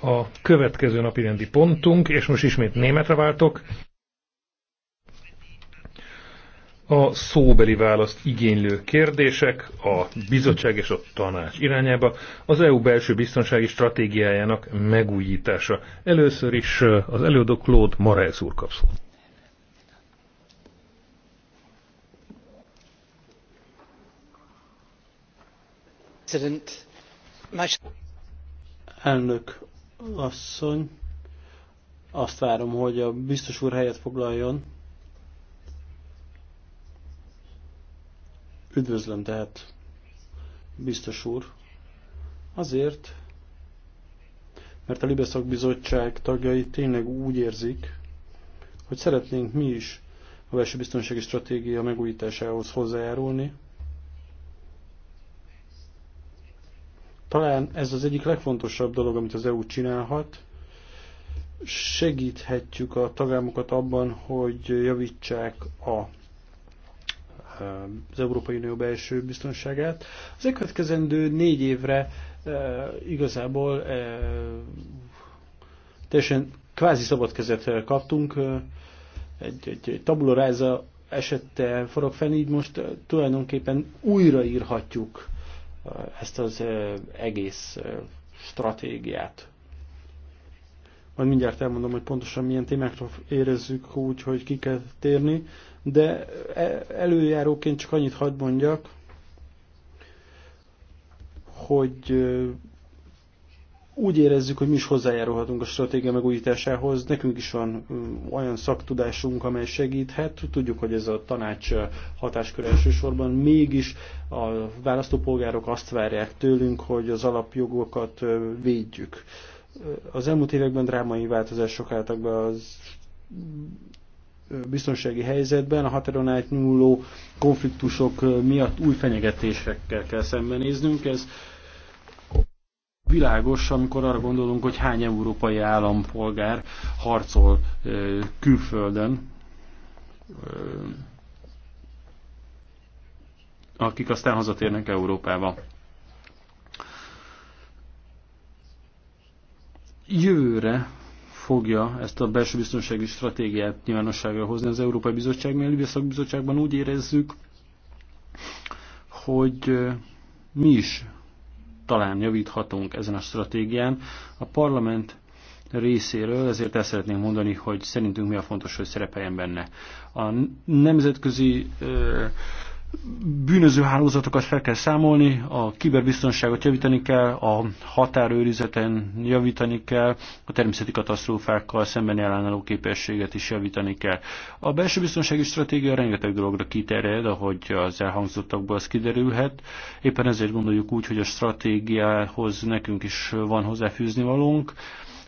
a következő napi rendi pontunk, és most ismét németre váltok. A szóbeli választ igénylő kérdések a bizottság és a tanács irányába az EU belső biztonsági stratégiájának megújítása. Először is uh, az előadó Claude Marais úr kap szót. Elnök asszony. Azt várom, hogy a biztos úr helyet foglaljon. Üdvözlöm tehát, biztos úr. Azért, mert a Libeszak Bizottság tagjai tényleg úgy érzik, hogy szeretnénk mi is a belső biztonsági stratégia megújításához hozzájárulni, Talán ez az egyik legfontosabb dolog, amit az EU csinálhat. Segíthetjük a tagállamokat abban, hogy javítsák a az Európai Unió belső biztonságát. Az elkövetkezendő négy évre e, igazából e, teljesen kvázi szabad kezet kaptunk. E, egy, egy, egy tabuloráza esette forog fel, így most e, tulajdonképpen újraírhatjuk ezt az egész stratégiát. Majd mindjárt elmondom, hogy pontosan milyen témákra érezzük úgy, hogy ki kell térni, de e, előjáróként csak annyit hadd mondjak, hogy úgy érezzük, hogy mi is hozzájárulhatunk a stratégia megújításához. Nekünk is van olyan szaktudásunk, amely segíthet. Tudjuk, hogy ez a tanács hatáskör elsősorban. Mégis a választópolgárok azt várják tőlünk, hogy az alapjogokat védjük. Az elmúlt években drámai változások álltak be az biztonsági helyzetben, a határon átnyúló konfliktusok miatt új fenyegetésekkel kell szembenéznünk. Ez világos, amikor arra gondolunk, hogy hány európai állampolgár harcol külföldön, akik aztán hazatérnek Európába. Jövőre fogja ezt a belső biztonsági stratégiát nyilvánosságra hozni az Európai Bizottság, mert a Libia Szakbizottságban úgy érezzük, hogy mi is talán javíthatunk ezen a stratégián. A parlament részéről, ezért ezt szeretném mondani, hogy szerintünk mi a fontos, hogy szerepeljen benne. A nemzetközi ö, bűnöző hálózatokat fel kell számolni, a kiberbiztonságot javítani kell, a határőrizeten javítani kell, a természeti katasztrófákkal szembeni ellenálló képességet is javítani kell. A belső biztonsági stratégia rengeteg dologra kiterjed, ahogy az elhangzottakból az kiderülhet. Éppen ezért gondoljuk úgy, hogy a stratégiához nekünk is van hozzáfűzni valónk.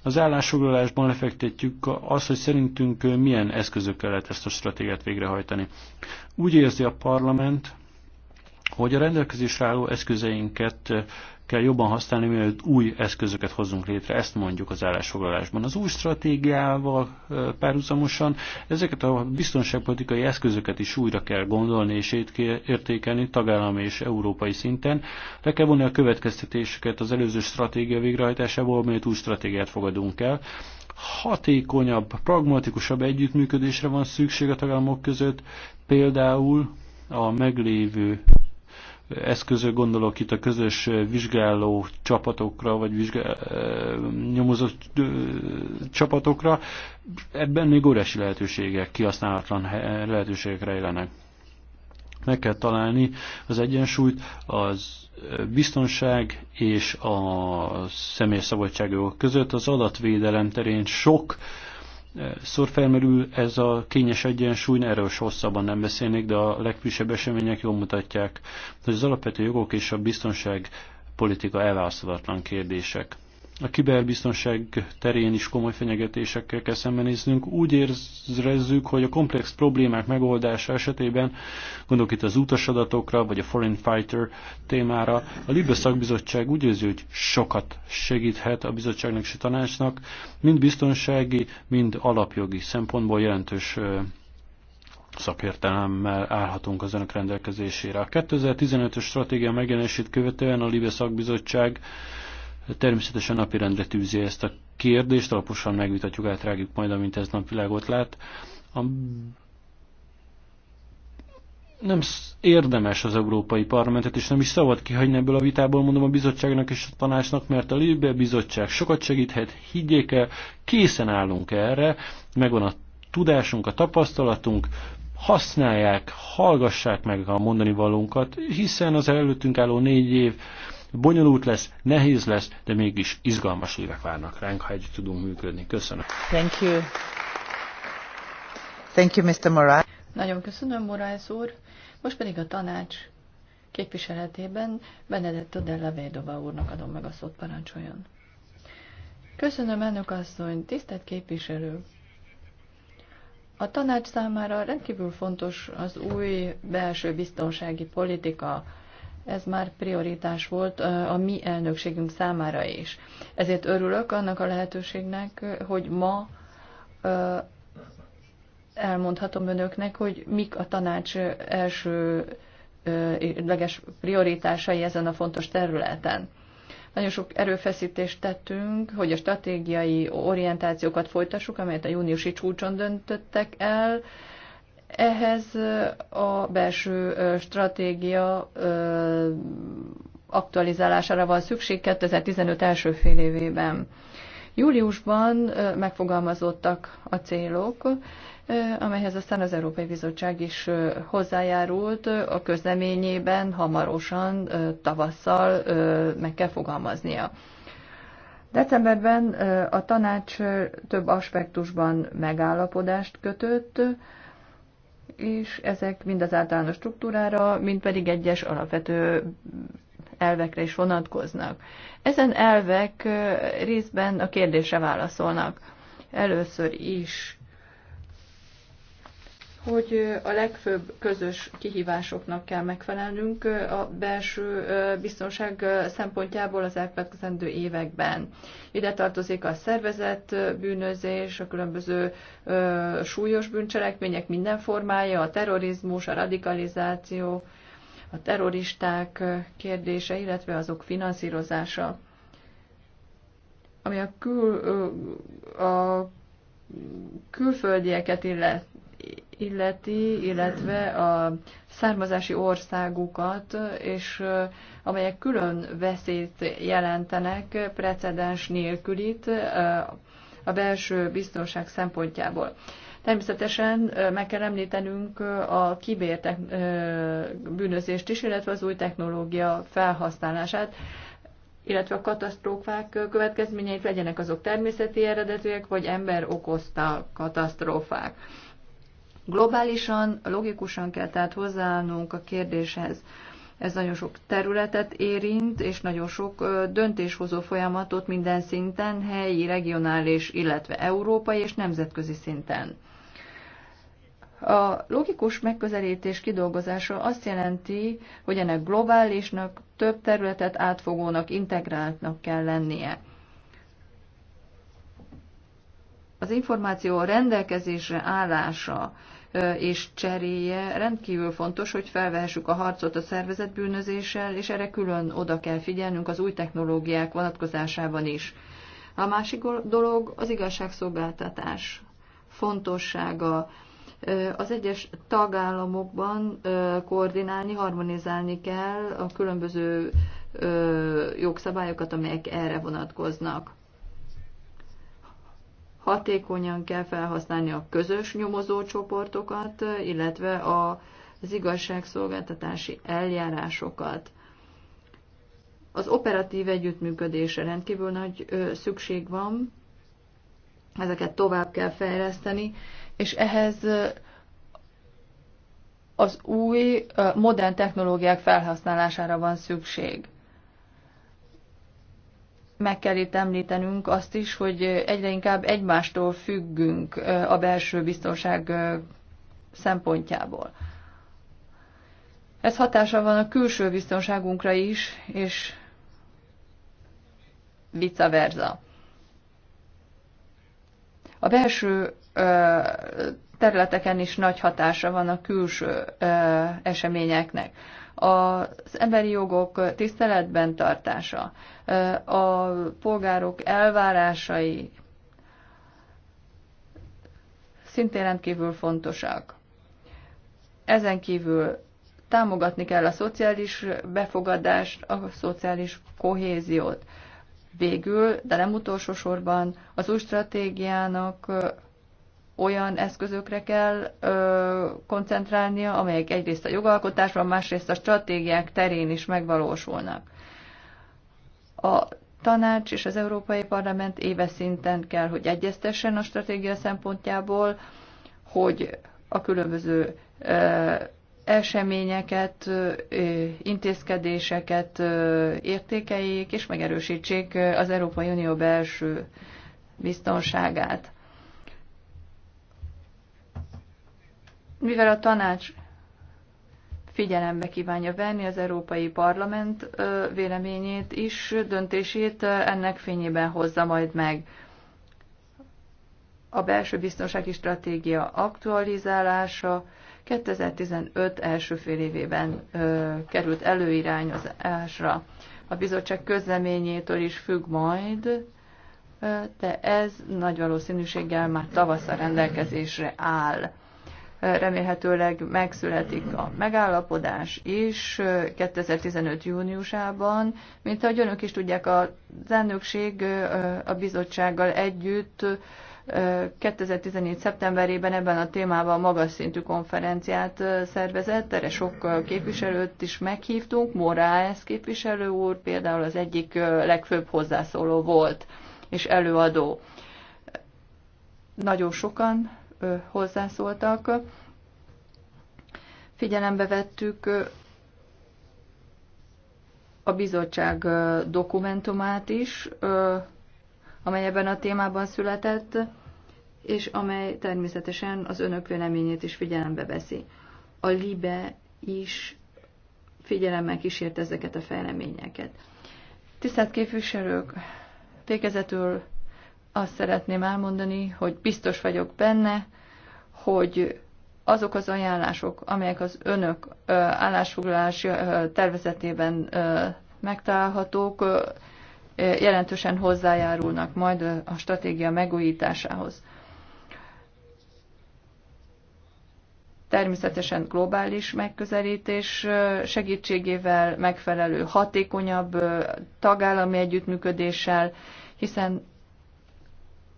Az állásfoglalásban lefektetjük azt, hogy szerintünk milyen eszközökkel lehet ezt a stratégiát végrehajtani. Úgy érzi a parlament, hogy a rendelkezésre álló eszközeinket kell jobban használni, mielőtt új eszközöket hozunk létre, ezt mondjuk az állásfoglalásban. Az új stratégiával párhuzamosan ezeket a biztonságpolitikai eszközöket is újra kell gondolni és értékelni tagállami és európai szinten. Le kell vonni a következtetéseket az előző stratégia végrehajtásából, mielőtt új stratégiát fogadunk el. Hatékonyabb, pragmatikusabb együttműködésre van szükség a tagállamok között, például a meglévő eszközök, gondolok itt a közös vizsgáló csapatokra, vagy vizsgál, eh, nyomozott eh, csapatokra, ebben még óriási lehetőségek, kihasználatlan lehetőségek rejlenek. Meg kell találni az egyensúlyt az biztonság és a személyszabadságok között. Az adatvédelem terén sok uh, Szor felmerül ez a kényes egyensúly, erről hosszabban nem beszélnék, de a legfrissebb események jól mutatják, hogy az alapvető jogok és a biztonság politika elválaszthatatlan kérdések. A kiberbiztonság terén is komoly fenyegetésekkel kell szembenéznünk. Úgy érezzük, hogy a komplex problémák megoldása esetében, gondolok itt az utasadatokra, vagy a Foreign Fighter témára, a Libra szakbizottság úgy érzi, hogy sokat segíthet a bizottságnak és a tanácsnak, mind biztonsági, mind alapjogi szempontból jelentős szakértelemmel állhatunk az önök rendelkezésére. A 2015-ös stratégia megjelenését követően a Libra szakbizottság Természetesen napirendre tűzi ezt a kérdést, alaposan megvitatjuk, átrágjuk majd, amint ez napvilágot lát. A nem érdemes az Európai Parlamentet, és nem is szabad kihagyni ebből a vitából, mondom a bizottságnak és a tanácsnak, mert a Libia bizottság sokat segíthet, higgyék el, készen állunk erre, megvan a tudásunk, a tapasztalatunk, használják, hallgassák meg a mondani valónkat, hiszen az előttünk álló négy év Bonyolult lesz, nehéz lesz, de mégis izgalmas évek várnak ránk, ha együtt tudunk működni. Köszönöm. Thank you. Thank you, Mr. Morales. Nagyon köszönöm, Morales úr. Most pedig a tanács képviseletében Benedetto Della Védova úrnak adom meg a szót, parancsoljon. Köszönöm, elnök asszony, tisztelt képviselő! A tanács számára rendkívül fontos az új belső biztonsági politika, ez már prioritás volt a mi elnökségünk számára is. Ezért örülök annak a lehetőségnek, hogy ma elmondhatom önöknek, hogy mik a tanács első leges prioritásai ezen a fontos területen. Nagyon sok erőfeszítést tettünk, hogy a stratégiai orientációkat folytassuk, amelyet a júniusi csúcson döntöttek el, ehhez a belső stratégia aktualizálására van szükség 2015 első fél évében. Júliusban megfogalmazottak a célok, amelyhez aztán az Európai Bizottság is hozzájárult a közleményében hamarosan tavasszal meg kell fogalmaznia. Decemberben a tanács több aspektusban megállapodást kötött, és ezek mind az általános struktúrára, mind pedig egyes alapvető elvekre is vonatkoznak. Ezen elvek részben a kérdésre válaszolnak. Először is hogy a legfőbb közös kihívásoknak kell megfelelnünk a belső biztonság szempontjából az elkövetkezendő években. Ide tartozik a szervezett bűnözés, a különböző súlyos bűncselekmények minden formája, a terrorizmus, a radikalizáció, a terroristák kérdése, illetve azok finanszírozása. Ami a, kül, a külföldieket illet, illeti, illetve a származási országukat, és amelyek külön veszélyt jelentenek precedens nélkülit a belső biztonság szempontjából. Természetesen meg kell említenünk a kibértek bűnözést is, illetve az új technológia felhasználását, illetve a katasztrófák következményeit legyenek azok természeti eredetűek, vagy ember okozta katasztrófák. Globálisan, logikusan kell tehát hozzáállnunk a kérdéshez. Ez nagyon sok területet érint, és nagyon sok döntéshozó folyamatot minden szinten, helyi, regionális, illetve európai és nemzetközi szinten. A logikus megközelítés kidolgozása azt jelenti, hogy ennek globálisnak, több területet átfogónak, integráltnak kell lennie. Az információ rendelkezésre állása és cseréje rendkívül fontos, hogy felvehessük a harcot a szervezet bűnözéssel, és erre külön oda kell figyelnünk az új technológiák vonatkozásában is. A másik dolog az igazságszolgáltatás fontossága. Az egyes tagállamokban koordinálni, harmonizálni kell a különböző jogszabályokat, amelyek erre vonatkoznak hatékonyan kell felhasználni a közös nyomozócsoportokat, illetve a, az igazságszolgáltatási eljárásokat. Az operatív együttműködésre rendkívül nagy szükség van, ezeket tovább kell fejleszteni, és ehhez az új, modern technológiák felhasználására van szükség meg kell itt említenünk azt is, hogy egyre inkább egymástól függünk a belső biztonság szempontjából. Ez hatása van a külső biztonságunkra is, és vice versa. A belső területeken is nagy hatása van a külső eseményeknek az emberi jogok tiszteletben tartása, a polgárok elvárásai szintén rendkívül fontosak. Ezen kívül támogatni kell a szociális befogadást, a szociális kohéziót. Végül, de nem utolsó sorban, az új stratégiának olyan eszközökre kell ö, koncentrálnia, amelyek egyrészt a jogalkotásban, másrészt a stratégiák terén is megvalósulnak. A tanács és az Európai Parlament éves szinten kell, hogy egyeztessen a stratégia szempontjából, hogy a különböző ö, eseményeket, ö, intézkedéseket ö, értékeljék és megerősítsék az Európai Unió belső biztonságát. mivel a tanács figyelembe kívánja venni az Európai Parlament véleményét is, döntését ennek fényében hozza majd meg. A belső biztonsági stratégia aktualizálása 2015 első fél évében ö, került előirányozásra. A bizottság közleményétől is függ majd, de ez nagy valószínűséggel már tavasszal rendelkezésre áll remélhetőleg megszületik a megállapodás is 2015. júniusában. Mint ahogy önök is tudják, az elnökség a bizottsággal együtt 2014. szeptemberében ebben a témában magas szintű konferenciát szervezett, erre sok képviselőt is meghívtunk, Moraes képviselő úr például az egyik legfőbb hozzászóló volt és előadó. Nagyon sokan hozzászóltak. Figyelembe vettük a bizottság dokumentumát is, amely ebben a témában született, és amely természetesen az önök véleményét is figyelembe veszi. A LIBE is figyelemmel kísért ezeket a fejleményeket. Tisztelt képviselők, végezetül azt szeretném elmondani, hogy biztos vagyok benne, hogy azok az ajánlások, amelyek az önök állásfoglalási tervezetében megtalálhatók, jelentősen hozzájárulnak majd a stratégia megújításához. Természetesen globális megközelítés segítségével, megfelelő, hatékonyabb tagállami együttműködéssel, hiszen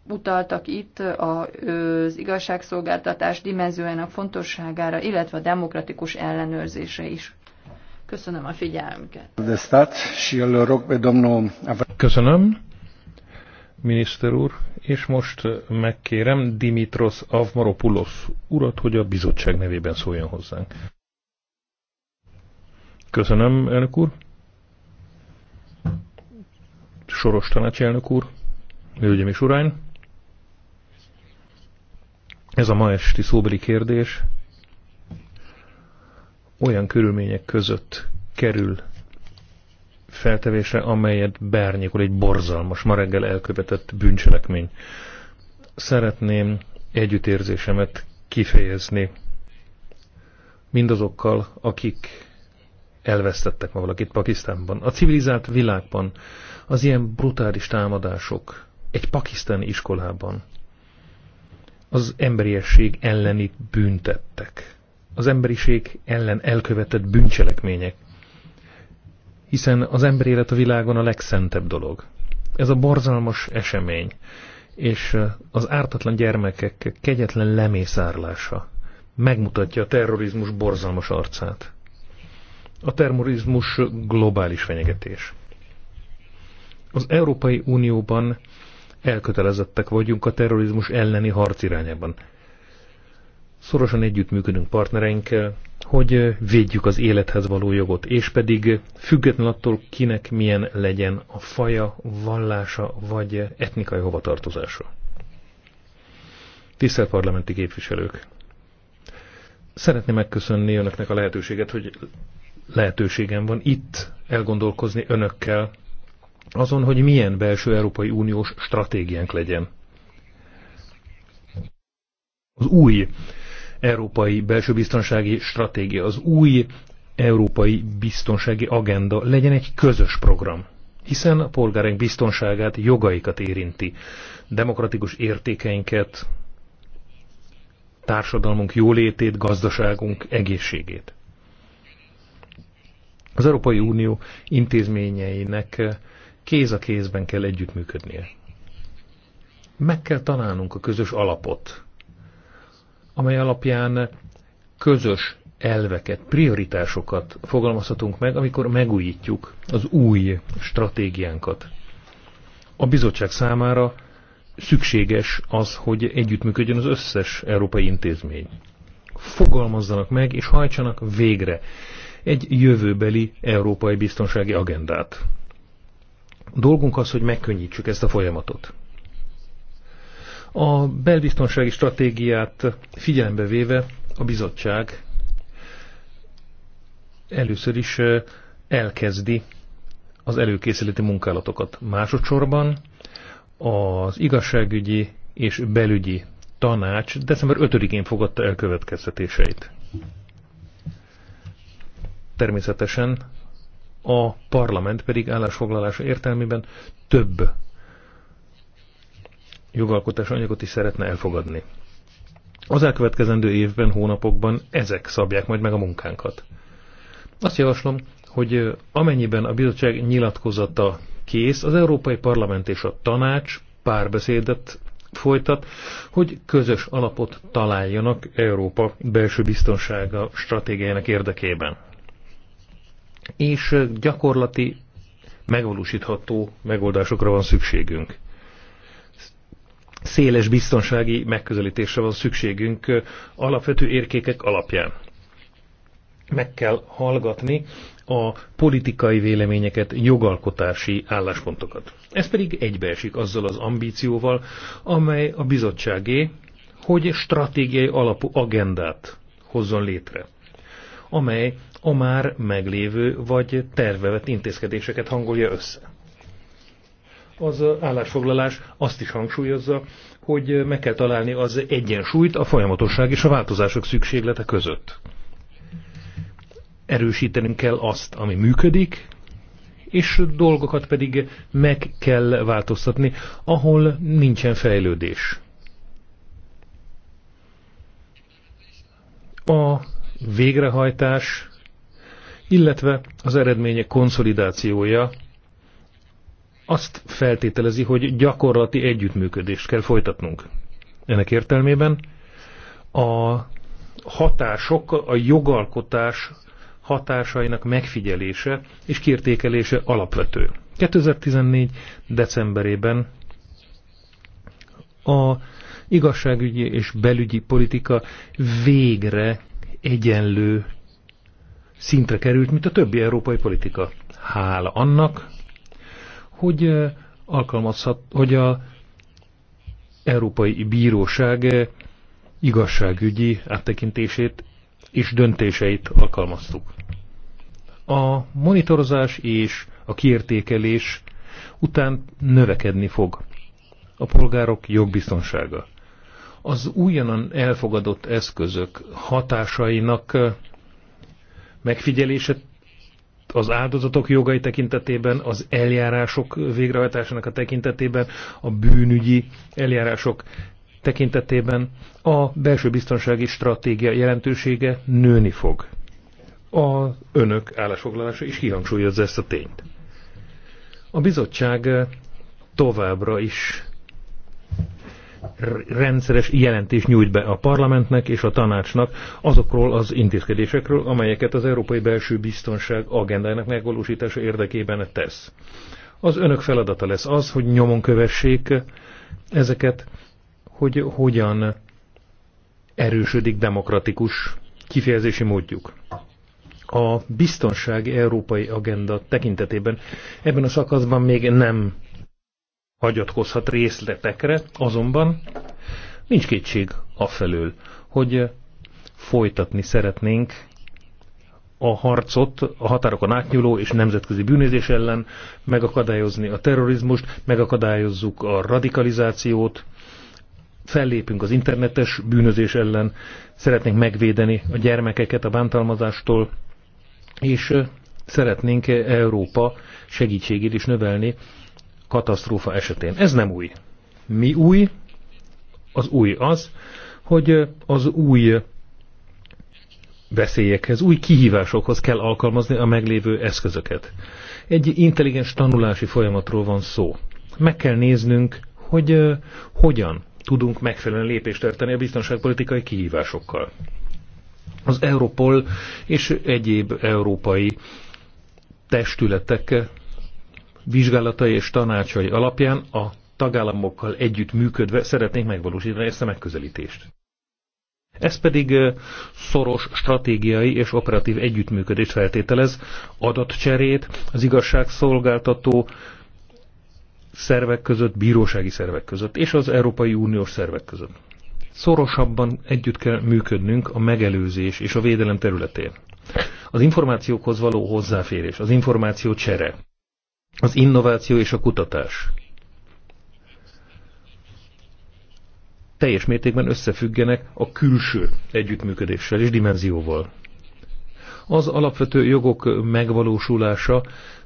utaltak itt az igazságszolgáltatás dimenziójának fontosságára, illetve a demokratikus ellenőrzése is. Köszönöm a figyelmüket. Köszönöm, miniszter úr, és most megkérem Dimitros Avmaropoulos urat, hogy a bizottság nevében szóljon hozzánk. Köszönöm, elnök úr. Soros tanácselnök úr, hölgyeim és uraim. Ez a ma esti szóbeli kérdés olyan körülmények között kerül feltevésre, amelyet bárnyékol egy borzalmas, ma reggel elkövetett bűncselekmény. Szeretném együttérzésemet kifejezni mindazokkal, akik elvesztettek ma valakit Pakisztánban. A civilizált világban az ilyen brutális támadások egy pakisztáni iskolában az emberiesség elleni büntettek, az emberiség ellen elkövetett bűncselekmények, hiszen az ember élet a világon a legszentebb dolog. Ez a borzalmas esemény, és az ártatlan gyermekek kegyetlen lemészárlása megmutatja a terrorizmus borzalmas arcát. A terrorizmus globális fenyegetés. Az Európai Unióban elkötelezettek vagyunk a terrorizmus elleni harc irányában. Szorosan együttműködünk partnereinkkel, hogy védjük az élethez való jogot, és pedig független attól, kinek milyen legyen a faja, vallása vagy etnikai hovatartozása. Tisztelt parlamenti képviselők! Szeretném megköszönni önöknek a lehetőséget, hogy lehetőségem van itt elgondolkozni önökkel azon, hogy milyen belső Európai Uniós stratégiánk legyen. Az új európai belső biztonsági stratégia, az új európai biztonsági agenda legyen egy közös program, hiszen a polgáraink biztonságát, jogaikat érinti, demokratikus értékeinket, társadalmunk jólétét, gazdaságunk egészségét. Az Európai Unió intézményeinek kéz a kézben kell együttműködnie. Meg kell találnunk a közös alapot, amely alapján közös elveket, prioritásokat fogalmazhatunk meg, amikor megújítjuk az új stratégiánkat. A bizottság számára szükséges az, hogy együttműködjön az összes európai intézmény. Fogalmazzanak meg és hajtsanak végre egy jövőbeli európai biztonsági agendát. Dolgunk az, hogy megkönnyítsük ezt a folyamatot. A belbiztonsági stratégiát figyelembe véve a bizottság először is elkezdi az előkészületi munkálatokat. Másodszorban az igazságügyi és belügyi tanács december 5-én fogadta el következtetéseit. Természetesen a parlament pedig állásfoglalása értelmében több jogalkotás anyagot is szeretne elfogadni. Az elkövetkezendő évben, hónapokban ezek szabják majd meg a munkánkat. Azt javaslom, hogy amennyiben a bizottság nyilatkozata kész, az Európai Parlament és a tanács párbeszédet folytat, hogy közös alapot találjanak Európa belső biztonsága stratégiájának érdekében és gyakorlati, megvalósítható megoldásokra van szükségünk. Széles biztonsági megközelítésre van szükségünk alapvető érkékek alapján. Meg kell hallgatni a politikai véleményeket, jogalkotási álláspontokat. Ez pedig egybeesik azzal az ambícióval, amely a bizottságé, hogy stratégiai alapú agendát hozzon létre amely a már meglévő vagy tervevett intézkedéseket hangolja össze. Az állásfoglalás azt is hangsúlyozza, hogy meg kell találni az egyensúlyt a folyamatosság és a változások szükséglete között. Erősítenünk kell azt, ami működik, és dolgokat pedig meg kell változtatni, ahol nincsen fejlődés. A végrehajtás, illetve az eredmények konszolidációja azt feltételezi, hogy gyakorlati együttműködést kell folytatnunk. Ennek értelmében a hatások, a jogalkotás hatásainak megfigyelése és kiértékelése alapvető. 2014. decemberében a igazságügyi és belügyi politika végre egyenlő szintre került, mint a többi európai politika. Hála annak, hogy alkalmazhat, hogy a Európai Bíróság igazságügyi áttekintését és döntéseit alkalmaztuk. A monitorozás és a kiértékelés után növekedni fog a polgárok jogbiztonsága az újonnan elfogadott eszközök hatásainak megfigyelése az áldozatok jogai tekintetében, az eljárások végrehajtásának a tekintetében, a bűnügyi eljárások tekintetében a belső biztonsági stratégia jelentősége nőni fog. A önök állásfoglalása is kihangsúlyozza ezt a tényt. A bizottság továbbra is rendszeres jelentést nyújt be a parlamentnek és a tanácsnak azokról az intézkedésekről, amelyeket az Európai Belső Biztonság agendájának megvalósítása érdekében tesz. Az önök feladata lesz az, hogy nyomon kövessék ezeket, hogy hogyan erősödik demokratikus kifejezési módjuk. A biztonsági európai agenda tekintetében ebben a szakaszban még nem hagyatkozhat részletekre, azonban nincs kétség afelől, hogy folytatni szeretnénk a harcot a határokon átnyúló és nemzetközi bűnözés ellen, megakadályozni a terrorizmust, megakadályozzuk a radikalizációt, fellépünk az internetes bűnözés ellen, szeretnénk megvédeni a gyermekeket a bántalmazástól, és szeretnénk Európa segítségét is növelni katasztrófa esetén. Ez nem új. Mi új? Az új az, hogy az új veszélyekhez, új kihívásokhoz kell alkalmazni a meglévő eszközöket. Egy intelligens tanulási folyamatról van szó. Meg kell néznünk, hogy hogyan tudunk megfelelően lépést tartani a biztonságpolitikai kihívásokkal. Az Europol és egyéb európai testületek vizsgálatai és tanácsai alapján a tagállamokkal együtt működve szeretnénk megvalósítani ezt a megközelítést. Ez pedig szoros stratégiai és operatív együttműködést feltételez, adatcserét az igazságszolgáltató szervek között, bírósági szervek között és az Európai Uniós szervek között. Szorosabban együtt kell működnünk a megelőzés és a védelem területén. Az információkhoz való hozzáférés, az információ csere, az innováció és a kutatás teljes mértékben összefüggenek a külső együttműködéssel és dimenzióval. Az alapvető jogok megvalósulása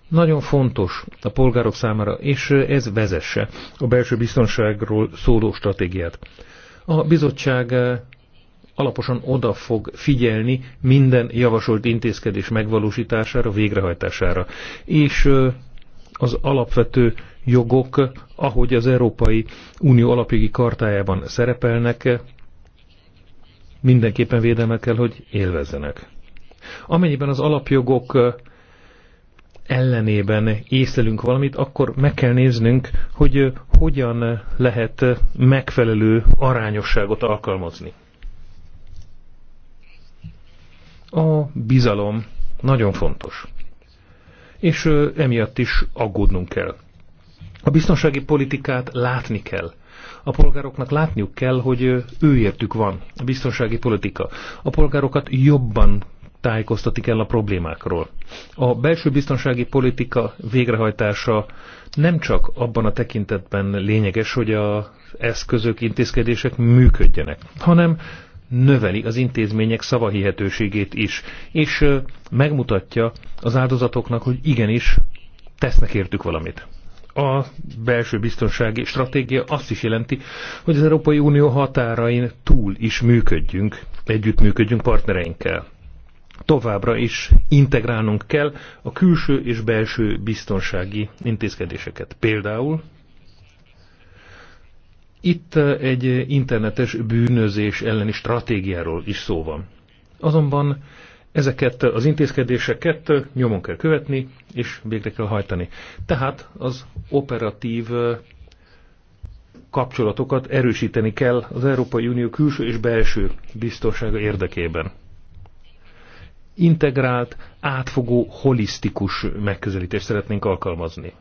nagyon fontos a polgárok számára, és ez vezesse a belső biztonságról szóló stratégiát. A bizottság alaposan oda fog figyelni minden javasolt intézkedés megvalósítására, végrehajtására, és az alapvető jogok, ahogy az Európai Unió alapjogi kartájában szerepelnek, mindenképpen védelmet kell, hogy élvezzenek. Amennyiben az alapjogok ellenében észlelünk valamit, akkor meg kell néznünk, hogy hogyan lehet megfelelő arányosságot alkalmazni. A bizalom nagyon fontos és emiatt is aggódnunk kell. A biztonsági politikát látni kell. A polgároknak látniuk kell, hogy őértük van a biztonsági politika. A polgárokat jobban tájékoztatni kell a problémákról. A belső biztonsági politika végrehajtása nem csak abban a tekintetben lényeges, hogy az eszközök, intézkedések működjenek, hanem növeli az intézmények szavahihetőségét is, és megmutatja az áldozatoknak, hogy igenis tesznek értük valamit. A belső biztonsági stratégia azt is jelenti, hogy az Európai Unió határain túl is működjünk, együttműködjünk partnereinkkel. Továbbra is integrálnunk kell a külső és belső biztonsági intézkedéseket. Például itt egy internetes bűnözés elleni stratégiáról is szó van. Azonban ezeket az intézkedéseket nyomon kell követni, és végre kell hajtani. Tehát az operatív kapcsolatokat erősíteni kell az Európai Unió külső és belső biztonsága érdekében. Integrált, átfogó, holisztikus megközelítést szeretnénk alkalmazni.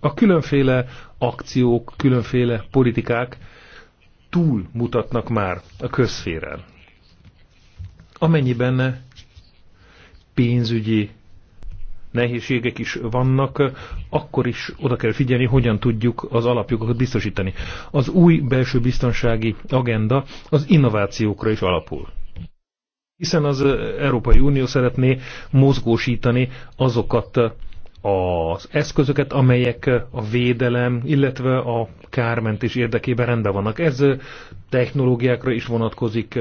A különféle akciók, különféle politikák túl mutatnak már a közférán. Amennyiben pénzügyi nehézségek is vannak, akkor is oda kell figyelni, hogyan tudjuk az alapjogokat biztosítani. Az új belső biztonsági agenda az innovációkra is alapul. Hiszen az Európai Unió szeretné mozgósítani azokat az eszközöket, amelyek a védelem, illetve a kármentés érdekében rendben vannak. Ez technológiákra is vonatkozik,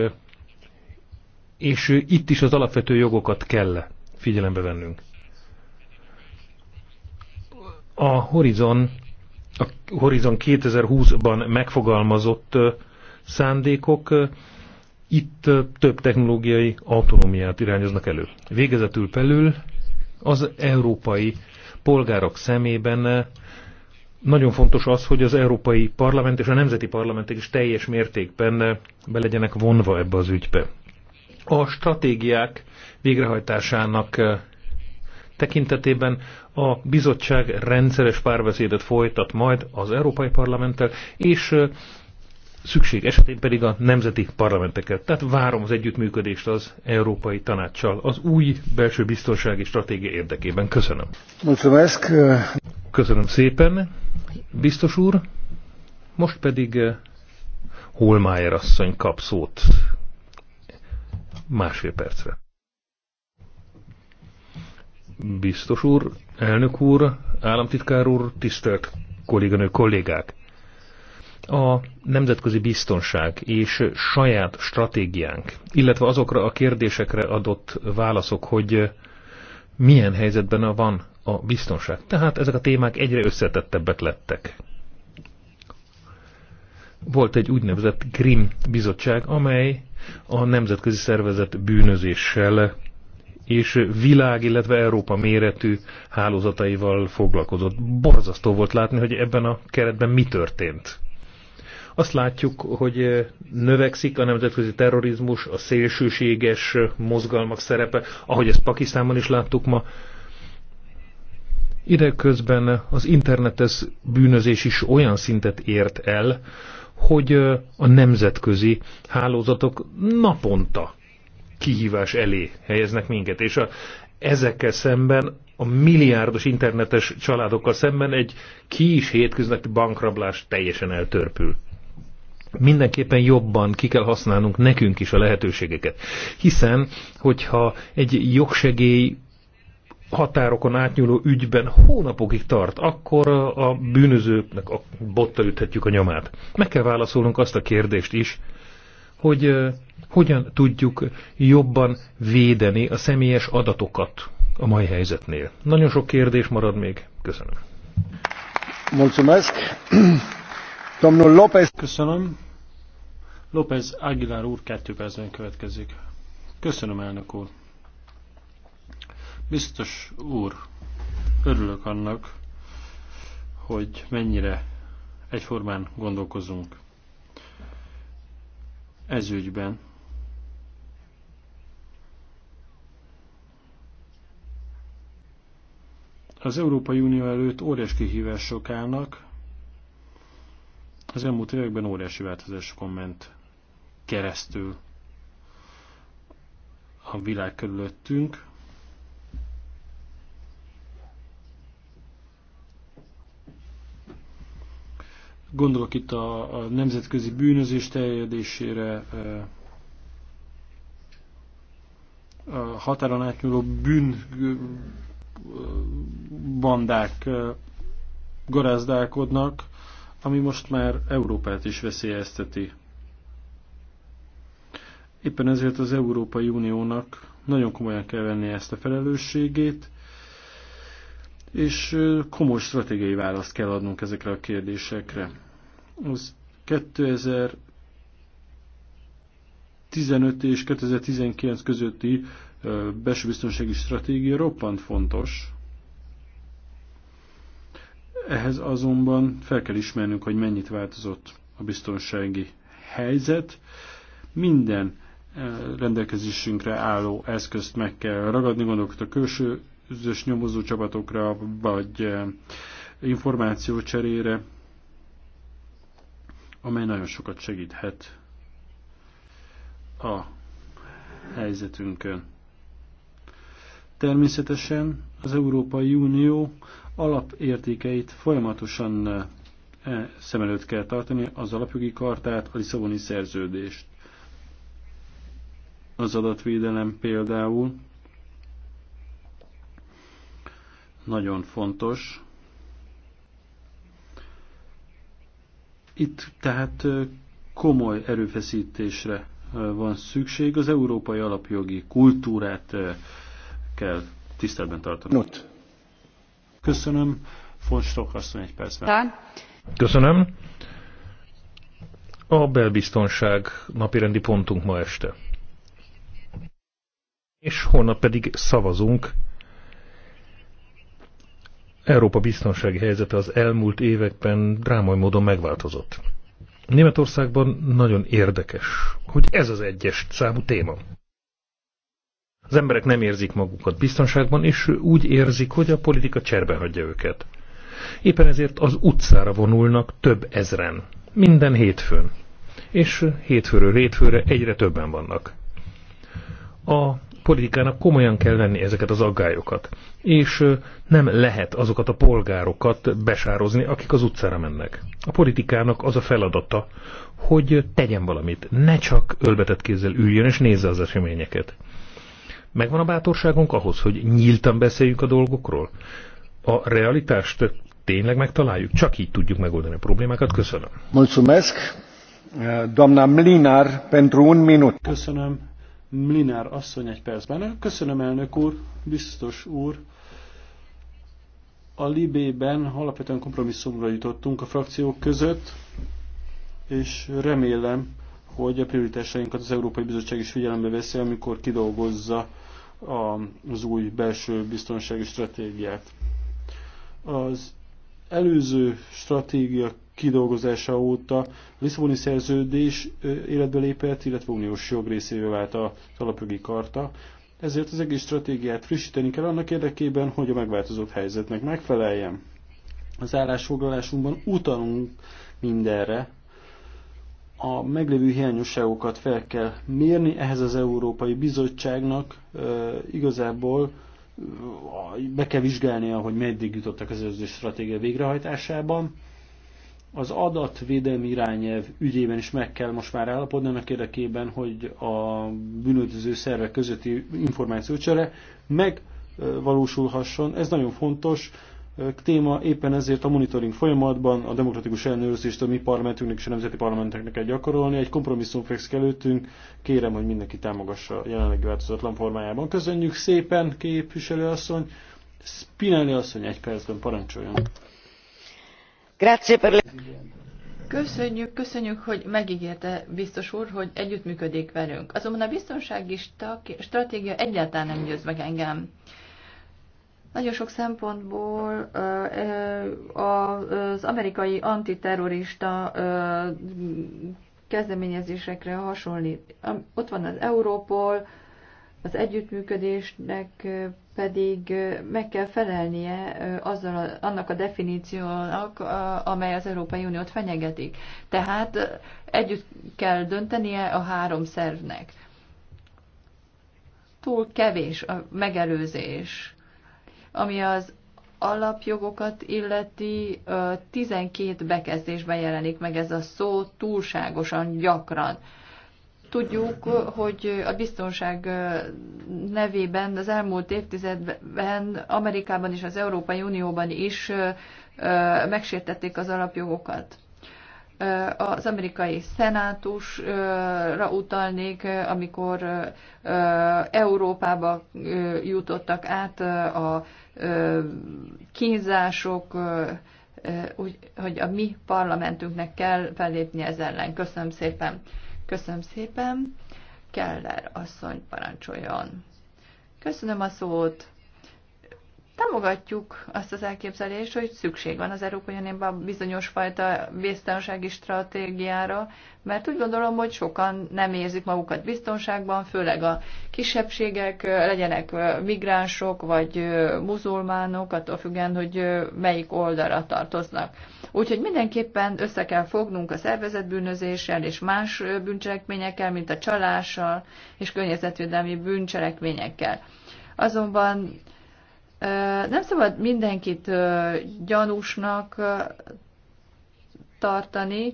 és itt is az alapvető jogokat kell figyelembe vennünk. A Horizon, a Horizon 2020-ban megfogalmazott szándékok itt több technológiai autonómiát irányoznak elő. Végezetül belül az európai polgárok szemében eh, nagyon fontos az, hogy az Európai Parlament és a Nemzeti Parlamentek is teljes mértékben eh, be legyenek vonva ebbe az ügybe. A stratégiák végrehajtásának eh, tekintetében a bizottság rendszeres párbeszédet folytat majd az Európai Parlamenttel, és szükség esetén pedig a nemzeti parlamenteket. Tehát várom az együttműködést az Európai Tanácssal az új belső biztonsági stratégia érdekében. Köszönöm. Köszönöm szépen, biztos úr. Most pedig eh, Holmájer asszony kap szót másfél percre. Biztos úr, elnök úr, államtitkár úr, tisztelt kolléganő kollégák! a nemzetközi biztonság és saját stratégiánk, illetve azokra a kérdésekre adott válaszok, hogy milyen helyzetben van a biztonság. Tehát ezek a témák egyre összetettebbek lettek. Volt egy úgynevezett Grimm bizottság, amely a nemzetközi szervezet bűnözéssel és világ, illetve Európa méretű hálózataival foglalkozott. Borzasztó volt látni, hogy ebben a keretben mi történt. Azt látjuk, hogy növekszik a nemzetközi terrorizmus, a szélsőséges mozgalmak szerepe, ahogy ezt Pakisztánban is láttuk ma. Ideközben az internetes bűnözés is olyan szintet ért el, hogy a nemzetközi hálózatok naponta kihívás elé helyeznek minket, és a, ezekkel szemben a milliárdos internetes családokkal szemben egy kis hétköznapi bankrablás teljesen eltörpül mindenképpen jobban ki kell használnunk nekünk is a lehetőségeket. Hiszen, hogyha egy jogsegély határokon átnyúló ügyben hónapokig tart, akkor a bűnözőknek a botta üthetjük a nyomát. Meg kell válaszolnunk azt a kérdést is, hogy hogyan tudjuk jobban védeni a személyes adatokat a mai helyzetnél. Nagyon sok kérdés marad még. Köszönöm. Mulțumesc. Domnul López. Köszönöm. López Aguilar úr, kettő percben következik. Köszönöm, elnök úr. Biztos úr, örülök annak, hogy mennyire egyformán gondolkozunk ez ügyben. Az Európai Unió előtt óriás kihívások állnak, az elmúlt években óriási változásokon ment keresztül a világ körülöttünk. Gondolok itt a, a nemzetközi bűnözés terjedésére, a határon átnyúló bűnbandák garázdálkodnak, ami most már Európát is veszélyezteti. Éppen ezért az Európai Uniónak nagyon komolyan kell venni ezt a felelősségét, és komoly stratégiai választ kell adnunk ezekre a kérdésekre. Az 2015 és 2019 közötti belső biztonsági stratégia roppant fontos, ehhez azonban fel kell ismernünk, hogy mennyit változott a biztonsági helyzet. Minden eh, rendelkezésünkre álló eszközt meg kell ragadni, gondolok a külső üzös nyomozó csapatokra, vagy eh, információcserére, amely nagyon sokat segíthet a helyzetünkön. Természetesen az Európai Unió alapértékeit folyamatosan e, szem előtt kell tartani, az alapjogi kartát, a Lisszaboni szerződést. Az adatvédelem például nagyon fontos. Itt tehát e, komoly erőfeszítésre e, van szükség, az európai alapjogi kultúrát kell tiszteletben tartani. Not. Köszönöm. Von Stock asszony egy percben. Köszönöm. A belbiztonság napirendi pontunk ma este. És holnap pedig szavazunk Európa biztonsági helyzete az elmúlt években drámai módon megváltozott. Németországban nagyon érdekes, hogy ez az egyes számú téma. Az emberek nem érzik magukat biztonságban, és úgy érzik, hogy a politika cserbe hagyja őket. Éppen ezért az utcára vonulnak több ezren, minden hétfőn. És hétfőről hétfőre egyre többen vannak. A politikának komolyan kell venni ezeket az aggályokat, és nem lehet azokat a polgárokat besározni, akik az utcára mennek. A politikának az a feladata, hogy tegyen valamit, ne csak ölbetett kézzel üljön és nézze az eseményeket. Megvan a bátorságunk ahhoz, hogy nyíltan beszéljünk a dolgokról? A realitást tényleg megtaláljuk? Csak így tudjuk megoldani a problémákat. Köszönöm. Mulțumesc. Doamna Mlinar, pentru un minut. Köszönöm. Mlinár asszony egy percben. Köszönöm, elnök úr, biztos úr. A Libében alapvetően kompromisszumra jutottunk a frakciók között, és remélem, hogy a prioritásainkat az Európai Bizottság is figyelembe veszi, amikor kidolgozza az új belső biztonsági stratégiát. Az előző stratégia kidolgozása óta Lisszaboni szerződés életbe lépett, illetve uniós jog részévé vált az alapjogi karta, ezért az egész stratégiát frissíteni kell annak érdekében, hogy a megváltozott helyzetnek megfeleljen. Az állásfoglalásunkban utalunk mindenre, a meglévő hiányosságokat fel kell mérni, ehhez az Európai Bizottságnak igazából be kell vizsgálnia, hogy meddig jutottak az előző stratégia végrehajtásában. Az adatvédelmi irányelv ügyében is meg kell most már állapodni annak érdekében, hogy a bűnöldöző szervek közötti információcsere megvalósulhasson. Ez nagyon fontos, téma, éppen ezért a monitoring folyamatban a demokratikus ellenőrzést a mi parlamentünknek és a nemzeti parlamenteknek kell gyakorolni. Egy kompromisszum fekszik előttünk, kérem, hogy mindenki támogassa a jelenlegi változatlan formájában. Köszönjük szépen, képviselőasszony! Spinelli asszony egy percben parancsoljon. Köszönjük, köszönjük, hogy megígérte biztos úr, hogy együttműködik velünk. Azonban a biztonsági stratégia egyáltalán nem győz meg engem. Nagyon sok szempontból az amerikai antiterrorista kezdeményezésekre hasonlít. Ott van az Európol, az együttműködésnek pedig meg kell felelnie azzal a, annak a definíciónak, amely az Európai Uniót fenyegetik. Tehát együtt kell döntenie a három szervnek. Túl kevés a megelőzés ami az alapjogokat illeti, 12 bekezdésben jelenik meg ez a szó túlságosan gyakran. Tudjuk, hogy a biztonság nevében az elmúlt évtizedben Amerikában és az Európai Unióban is megsértették az alapjogokat. Az amerikai szenátusra utalnék, amikor Európába jutottak át a kínzások, úgy, hogy a mi parlamentünknek kell fellépni ez ellen. Köszönöm szépen. Köszönöm szépen. Keller asszony parancsoljon. Köszönöm a szót. Támogatjuk azt az elképzelést, hogy szükség van az Európai Unióban bizonyos fajta biztonsági stratégiára, mert úgy gondolom, hogy sokan nem érzik magukat biztonságban, főleg a kisebbségek, legyenek migránsok vagy muzulmánok, attól függően, hogy melyik oldalra tartoznak. Úgyhogy mindenképpen össze kell fognunk a szervezetbűnözéssel és más bűncselekményekkel, mint a csalással és környezetvédelmi bűncselekményekkel. Azonban nem szabad mindenkit gyanúsnak tartani.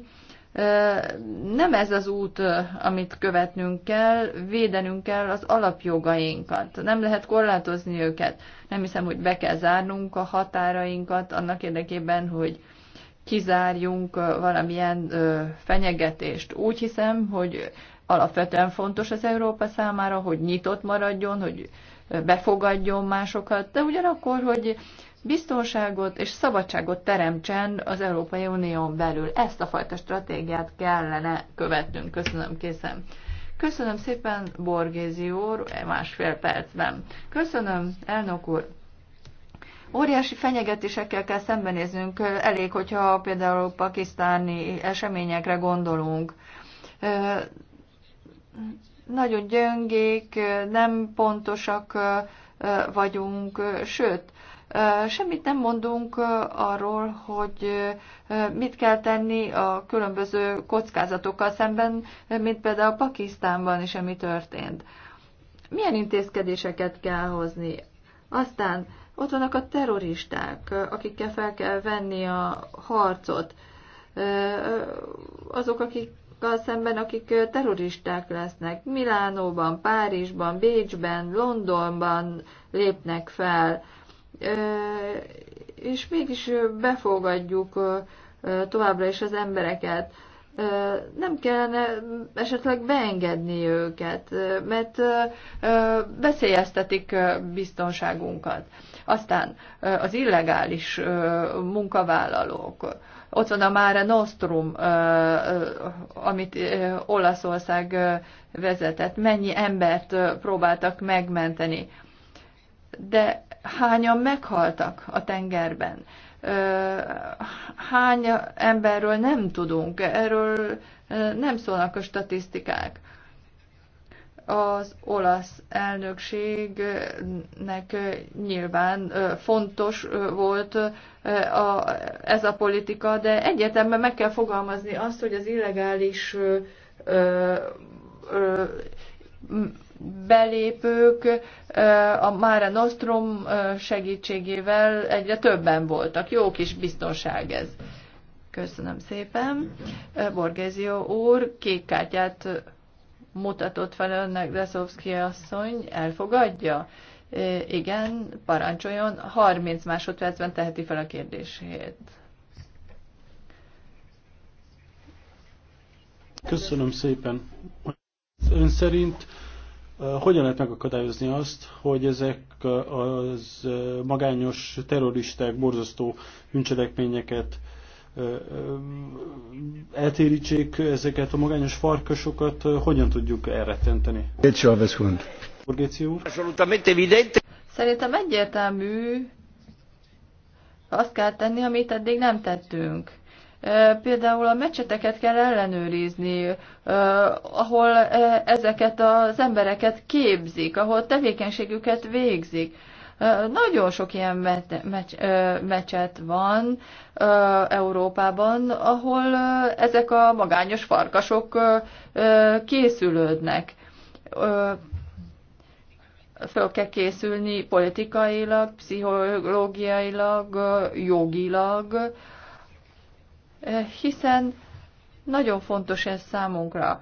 Nem ez az út, amit követnünk kell, védenünk kell az alapjogainkat. Nem lehet korlátozni őket. Nem hiszem, hogy be kell zárnunk a határainkat annak érdekében, hogy kizárjunk valamilyen fenyegetést. Úgy hiszem, hogy alapvetően fontos az Európa számára, hogy nyitott maradjon, hogy befogadjon másokat, de ugyanakkor, hogy biztonságot és szabadságot teremtsen az Európai Unión belül. Ezt a fajta stratégiát kellene követnünk. Köszönöm, készen. Köszönöm szépen, Borgézi úr, másfél percben. Köszönöm, elnök úr. Óriási fenyegetésekkel kell szembenéznünk, elég, hogyha például pakisztáni eseményekre gondolunk nagyon gyöngék, nem pontosak vagyunk, sőt, semmit nem mondunk arról, hogy mit kell tenni a különböző kockázatokkal szemben, mint például a Pakisztánban is, ami történt. Milyen intézkedéseket kell hozni? Aztán ott vannak a terroristák, akikkel fel kell venni a harcot. Azok, akik azokkal szemben, akik terroristák lesznek. Milánóban, Párizsban, Bécsben, Londonban lépnek fel, és mégis befogadjuk továbbra is az embereket. Nem kellene esetleg beengedni őket, mert veszélyeztetik biztonságunkat. Aztán az illegális munkavállalók, ott van a Mare Nostrum, amit Olaszország vezetett. Mennyi embert próbáltak megmenteni. De hányan meghaltak a tengerben? Hány emberről nem tudunk? Erről nem szólnak a statisztikák az olasz elnökségnek nyilván fontos volt a, ez a politika, de egyértelműen meg kell fogalmazni azt, hogy az illegális belépők a Mára Nostrum segítségével egyre többen voltak. Jó kis biztonság ez. Köszönöm szépen. Borgézió úr, kék kártyát mutatott fel önnek Deszovszki asszony, elfogadja? E, igen, parancsoljon, 30 másodpercben teheti fel a kérdését. Köszönöm szépen. Ön szerint e, hogyan lehet megakadályozni azt, hogy ezek e, az magányos terroristák borzasztó bűncselekményeket eltérítsék ezeket a magányos farkasokat, hogyan tudjuk elrettenteni? Szerintem egyértelmű, azt kell tenni, amit eddig nem tettünk. Például a mecseteket kell ellenőrizni, ahol ezeket az embereket képzik, ahol tevékenységüket végzik nagyon sok ilyen mecset van Európában, ahol ezek a magányos farkasok készülődnek. Föl kell készülni politikailag, pszichológiailag, jogilag, hiszen nagyon fontos ez számunkra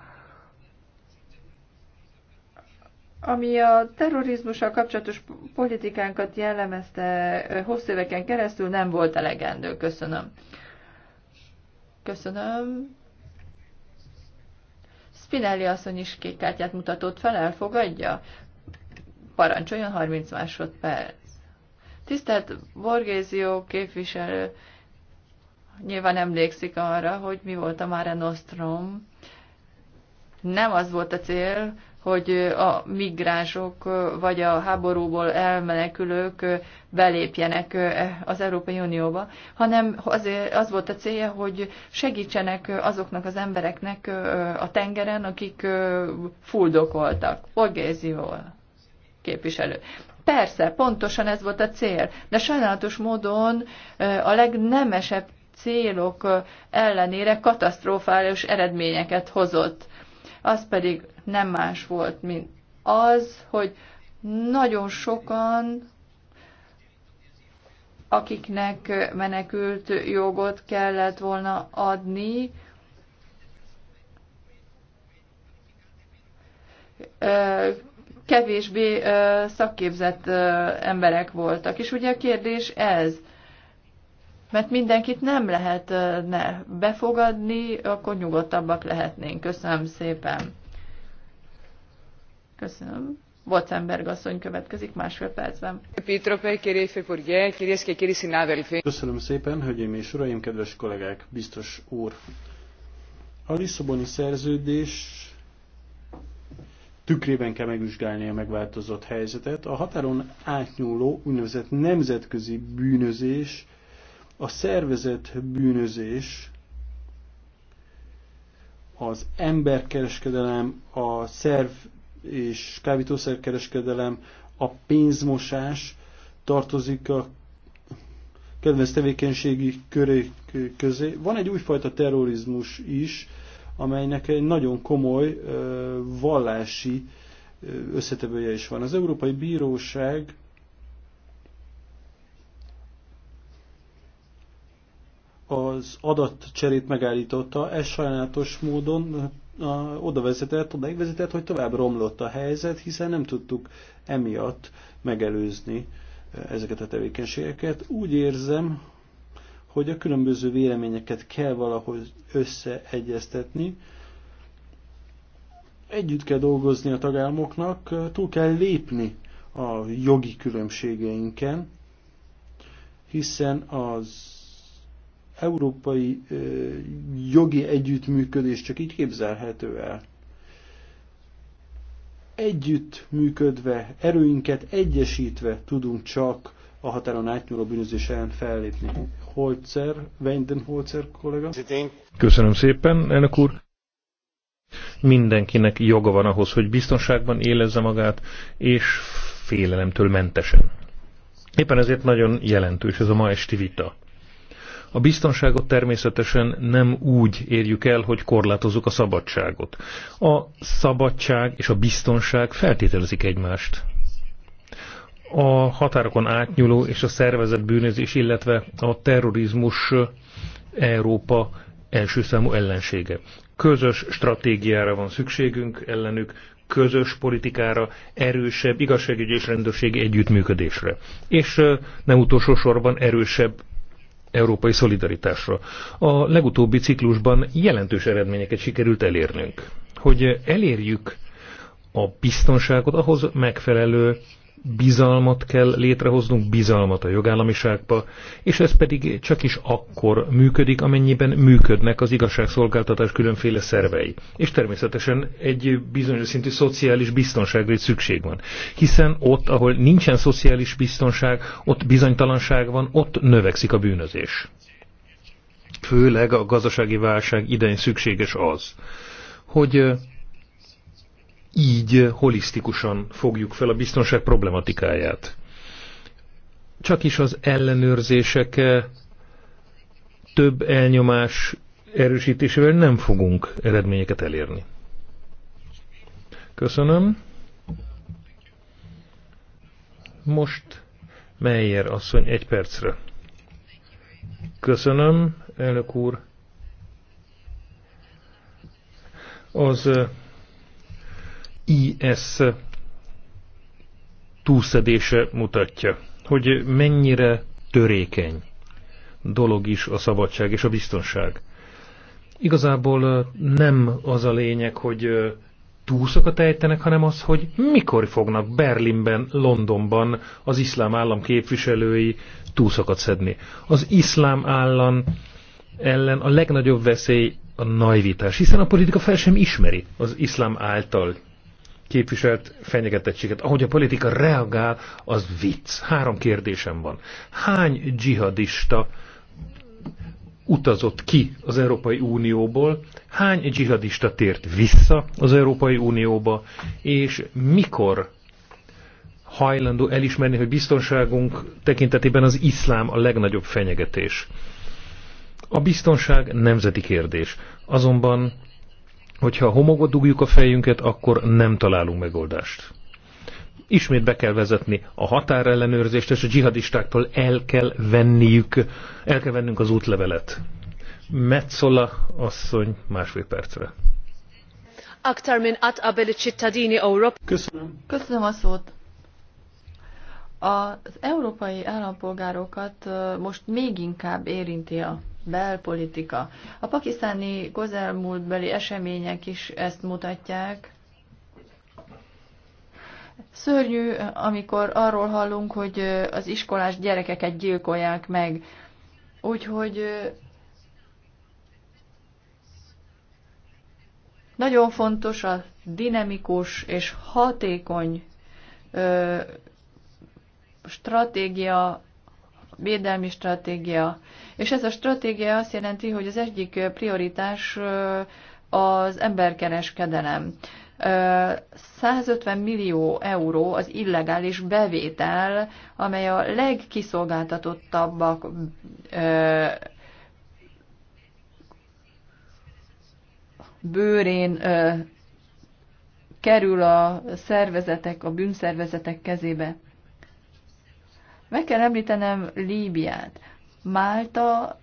Ami a terrorizmussal kapcsolatos politikánkat jellemezte hosszú éveken keresztül, nem volt elegendő. Köszönöm. Köszönöm. Spinelli asszony is kék kártyát mutatott fel, elfogadja? Parancsoljon 30 másodperc. Tisztelt Borgézió képviselő, nyilván emlékszik arra, hogy mi volt a Mare Nostrum. Nem az volt a cél, hogy a migránsok vagy a háborúból elmenekülők belépjenek az Európai Unióba, hanem azért az volt a célja, hogy segítsenek azoknak az embereknek a tengeren, akik fuldokoltak. Borgéziól képviselő. Persze, pontosan ez volt a cél, de sajnálatos módon a legnemesebb célok ellenére katasztrofális eredményeket hozott. Az pedig nem más volt, mint az, hogy nagyon sokan, akiknek menekült jogot kellett volna adni, kevésbé szakképzett emberek voltak. És ugye a kérdés ez, mert mindenkit nem lehetne befogadni, akkor nyugodtabbak lehetnénk. Köszönöm szépen! Köszönöm. Wattenberg asszony következik másfél percben. Köszönöm szépen, hölgyeim és uraim, kedves kollégák, biztos úr. A Lisszaboni szerződés tükrében kell megvizsgálni a megváltozott helyzetet. A határon átnyúló úgynevezett nemzetközi bűnözés, a szervezett bűnözés, az emberkereskedelem, a szerv és kábítószerkereskedelem, a pénzmosás tartozik a kedvenc tevékenységi köré közé. Van egy újfajta terrorizmus is, amelynek egy nagyon komoly vallási összetevője is van. Az Európai Bíróság az adatcserét megállította, ez sajnálatos módon a, oda vezetett, oda vezetett, hogy tovább romlott a helyzet, hiszen nem tudtuk emiatt megelőzni e, ezeket a tevékenységeket. Úgy érzem, hogy a különböző véleményeket kell valahogy összeegyeztetni, együtt kell dolgozni a tagállamoknak, e, túl kell lépni a jogi különbségeinken, hiszen az európai jogi együttműködés csak így képzelhető el. Együttműködve, erőinket egyesítve tudunk csak a határon átnyúló bűnözés ellen fellépni. Holzer, Holzer kollega. Köszönöm szépen, elnök úr. Mindenkinek joga van ahhoz, hogy biztonságban élezze magát, és félelemtől mentesen. Éppen ezért nagyon jelentős ez a ma esti vita. A biztonságot természetesen nem úgy érjük el, hogy korlátozzuk a szabadságot. A szabadság és a biztonság feltételezik egymást. A határokon átnyúló és a szervezett bűnözés, illetve a terrorizmus Európa első számú ellensége. Közös stratégiára van szükségünk ellenük, közös politikára, erősebb igazságügyi és rendőrségi együttműködésre. És nem utolsó sorban erősebb európai szolidaritásra. A legutóbbi ciklusban jelentős eredményeket sikerült elérnünk. Hogy elérjük a biztonságot, ahhoz megfelelő bizalmat kell létrehoznunk, bizalmat a jogállamiságba, és ez pedig csak is akkor működik, amennyiben működnek az igazságszolgáltatás különféle szervei. És természetesen egy bizonyos szintű szociális biztonságra is szükség van. Hiszen ott, ahol nincsen szociális biztonság, ott bizonytalanság van, ott növekszik a bűnözés. Főleg a gazdasági válság idején szükséges az, hogy így holisztikusan fogjuk fel a biztonság problematikáját. Csak is az ellenőrzések eh, több elnyomás erősítésével nem fogunk eredményeket elérni. Köszönöm. Most Meyer asszony egy percre. Köszönöm, elnök úr. Az eh, IS túlszedése mutatja, hogy mennyire törékeny dolog is a szabadság és a biztonság. Igazából nem az a lényeg, hogy túlszokat ejtenek, hanem az, hogy mikor fognak Berlinben, Londonban az iszlám állam képviselői túlszokat szedni. Az iszlám állam ellen a legnagyobb veszély a naivitás, hiszen a politika fel sem ismeri az iszlám által képviselt fenyegetettséget, ahogy a politika reagál, az vicc. Három kérdésem van. Hány dzsihadista utazott ki az Európai Unióból, hány dzsihadista tért vissza az Európai Unióba, és mikor hajlandó elismerni, hogy biztonságunk tekintetében az iszlám a legnagyobb fenyegetés. A biztonság nemzeti kérdés. Azonban hogyha homokba dugjuk a fejünket, akkor nem találunk megoldást. Ismét be kell vezetni a határellenőrzést, és a dzsihadistáktól el kell venniük, el kell vennünk az útlevelet. Metzola asszony másfél percre. Köszönöm. Köszönöm a szót. Az európai állampolgárokat most még inkább érinti a belpolitika. A pakisztáni közelmúltbeli események is ezt mutatják. Szörnyű, amikor arról hallunk, hogy az iskolás gyerekeket gyilkolják meg. Úgyhogy nagyon fontos a dinamikus és hatékony stratégia védelmi stratégia, és ez a stratégia azt jelenti, hogy az egyik prioritás az emberkereskedelem. 150 millió euró az illegális bevétel, amely a legkiszolgáltatottabbak bőrén kerül a szervezetek, a bűnszervezetek kezébe. Meg kell említenem Líbiát. Málta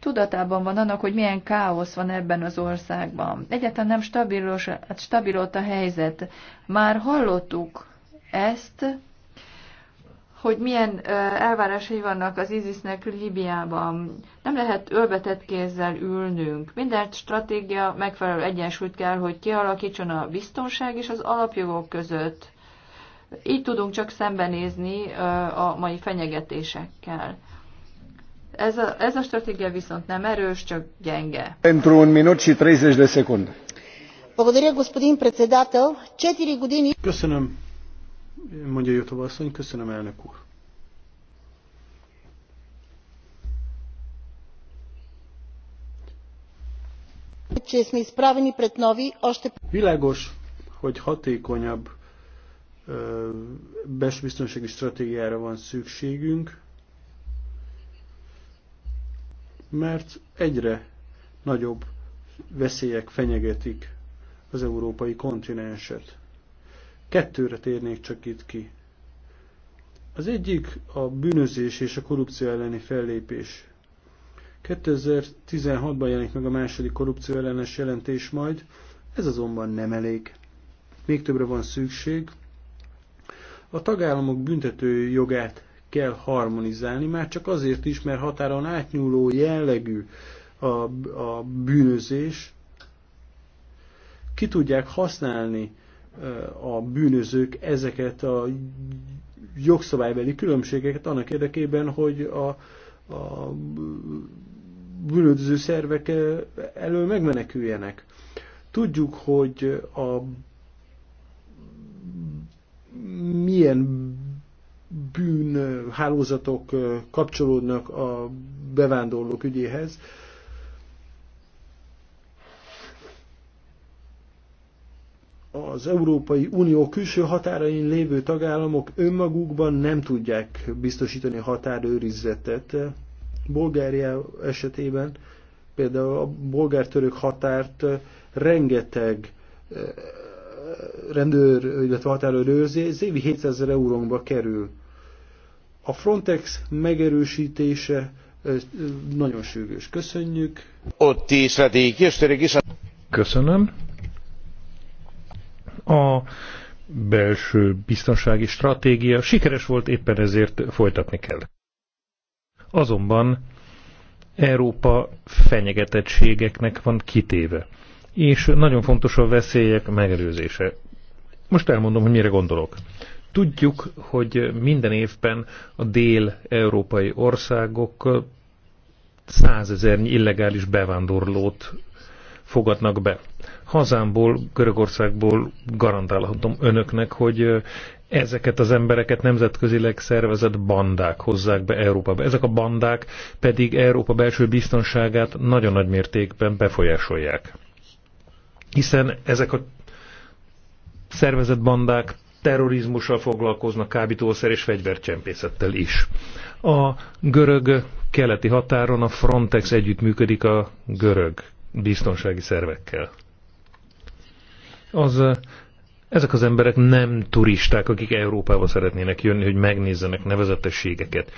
tudatában van annak, hogy milyen káosz van ebben az országban. Egyáltalán nem stabilos, hát stabilolt a helyzet. Már hallottuk ezt, hogy milyen elvárásai vannak az ISIS-nek Líbiában. Nem lehet ölbetett kézzel ülnünk. Minden stratégia megfelelő egyensúlyt kell, hogy kialakítson a biztonság és az alapjogok között. Így tudunk csak szembenézni a mai fenyegetésekkel. Ez a, ez a stratégia viszont nem erős, csak gyenge. Pentru un minut de secunde. Köszönöm, mondja Jotova asszony, köszönöm elnök úr. Világos, hogy hatékonyabb belső biztonsági stratégiára van szükségünk, mert egyre nagyobb veszélyek fenyegetik az európai kontinenset. Kettőre térnék csak itt ki. Az egyik a bűnözés és a korrupció elleni fellépés. 2016-ban jelenik meg a második korrupció ellenes jelentés majd, ez azonban nem elég. Még többre van szükség, a tagállamok büntető jogát kell harmonizálni, már csak azért is, mert határon átnyúló jellegű a, a bűnözés, ki tudják használni a bűnözők ezeket a jogszabálybeli különbségeket annak érdekében, hogy a, a bűnöző szervek elől megmeneküljenek. Tudjuk, hogy a milyen bűnhálózatok kapcsolódnak a bevándorlók ügyéhez. Az Európai Unió külső határain lévő tagállamok önmagukban nem tudják biztosítani határőrizetet. Bulgária esetében például a bolgár-török határt rengeteg rendőr, illetve határőrőrzé, ez évi 700 eurónkba kerül. A Frontex megerősítése nagyon sűrűs. Köszönjük. Ott is, Köszönöm. A belső biztonsági stratégia sikeres volt, éppen ezért folytatni kell. Azonban Európa fenyegetettségeknek van kitéve és nagyon fontos a veszélyek megelőzése. Most elmondom, hogy mire gondolok. Tudjuk, hogy minden évben a dél-európai országok százezernyi illegális bevándorlót fogadnak be. Hazámból, Görögországból garantálhatom önöknek, hogy ezeket az embereket nemzetközileg szervezett bandák hozzák be Európába. Ezek a bandák pedig Európa belső biztonságát nagyon nagy mértékben befolyásolják hiszen ezek a szervezett bandák terrorizmussal foglalkoznak, kábítószer és fegyvercsempészettel is. A görög keleti határon a Frontex együttműködik a görög biztonsági szervekkel. Az, ezek az emberek nem turisták, akik Európába szeretnének jönni, hogy megnézzenek nevezetességeket.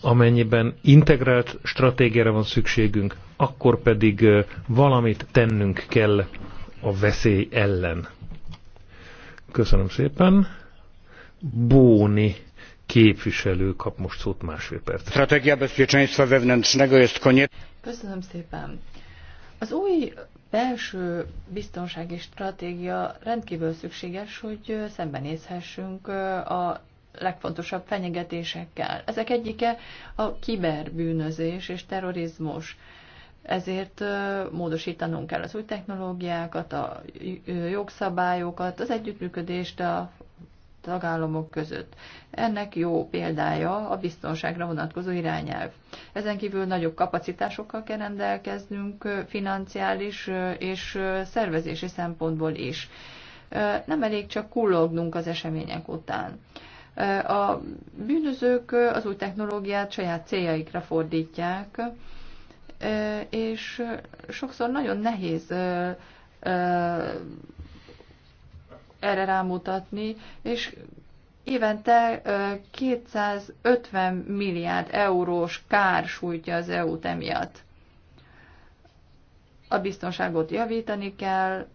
Amennyiben integrált stratégiára van szükségünk, akkor pedig valamit tennünk kell a veszély ellen. Köszönöm szépen. Bóni képviselő kap most szót másfél perc. Stratégia bezpieczeństwa wewnętrznego jest koniec. Köszönöm szépen. Az új belső biztonsági stratégia rendkívül szükséges, hogy szembenézhessünk a legfontosabb fenyegetésekkel. Ezek egyike a kiberbűnözés és terrorizmus ezért módosítanunk kell az új technológiákat, a jogszabályokat, az együttműködést a tagállamok között. Ennek jó példája a biztonságra vonatkozó irányelv. Ezen kívül nagyobb kapacitásokkal kell rendelkeznünk financiális és szervezési szempontból is. Nem elég csak kullognunk az események után. A bűnözők az új technológiát saját céljaikra fordítják, és sokszor nagyon nehéz erre rámutatni, és évente 250 milliárd eurós kár sújtja az EU-t emiatt. A biztonságot javítani kell,